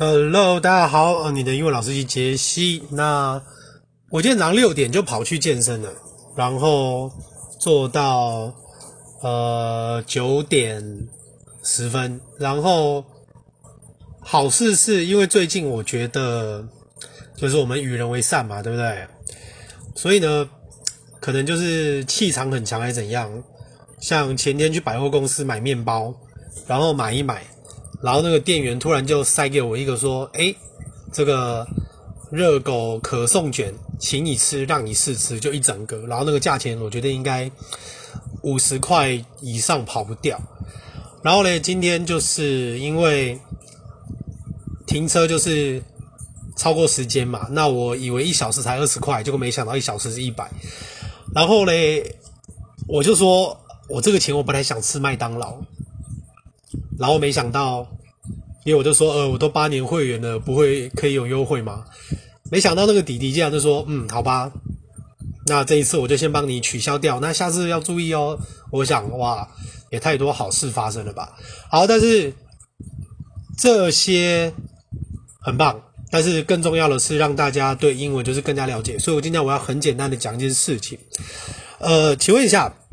Hello，大家好。呃，你的英文老師是傑西。那我今天早上六點就跑去健身了，然後做到呃九點十分。然後好事是因為最近我覺得，就是我們與人為善嘛，對不對？所以呢，可能就是氣場很強還是怎樣。像前天去百貨公司買麵包，然後買一買。然後那個店員突然就塞給我一個說：“誒，這個熱狗可頌捲，請你吃，讓你試吃，就一整個。”然後那個價錢，我覺得應該五十塊以上跑不掉。然後呢，今天就是因為停車就是超過時間嘛，那我以為一小時才二十塊，結果沒想到一小時是一百。然後嘞，我就說我這個錢我本來想吃麥當勞。然後沒想到，因為我就說，呃，我都八年會員了，不會可以有優惠嗎？沒想到那個弟弟竟然就說，嗯，好吧，那這一次我就先幫你取消掉，那下次要注意哦。我想，哇，也太多好事發生了吧。好，但是這些很棒，但是更重要的是讓大家對英文就是更加了解。所以我今天我要很簡單的講一件事情，呃，請問一下。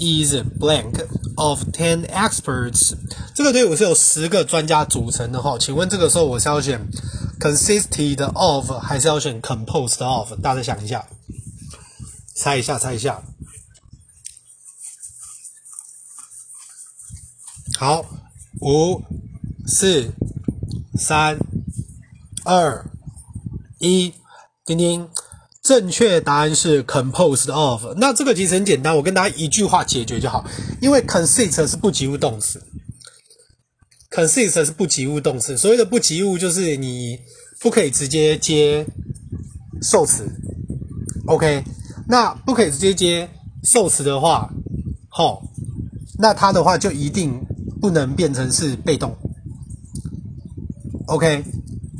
Is blank of ten experts，這個隊伍是有十個專家組成的哈。請問這個時候我是要選 consisted of，還是要選 composed of？大家想一下，猜一下，猜一下。好，五、四、三、二、一，叮叮。正確答案是 composed of。那這個其實很簡單，我跟大家一句話解決就好。因為 consist 是不及物動詞，consist 是不及物動詞。所謂的不及物，就是你不可以直接接受詞。OK，那不可以直接接受詞的話，好、哦，那它的話就一定不能變成是被動。OK，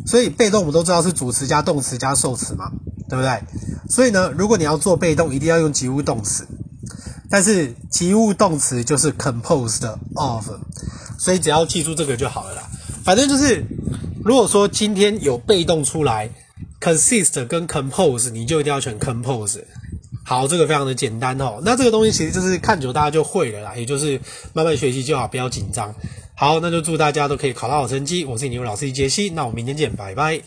所以被動我們都知道是主詞加動詞加受詞嘛。對不對？所以呢，如果你要做被動，一定要用及物動詞。但是及物動詞就是 composed of，所以只要記住這個就好了啦。反正就是，如果說今天有被動出來，consist 跟 compose，你就一定要選 compose。好，這個非常的簡單哦。那這個東西其實就是看久大家就會了啦，也就是慢慢學習就好，不要緊張。好，那就祝大家都可以考到好成績。我是你們老師傑西，那我們明天見，拜拜。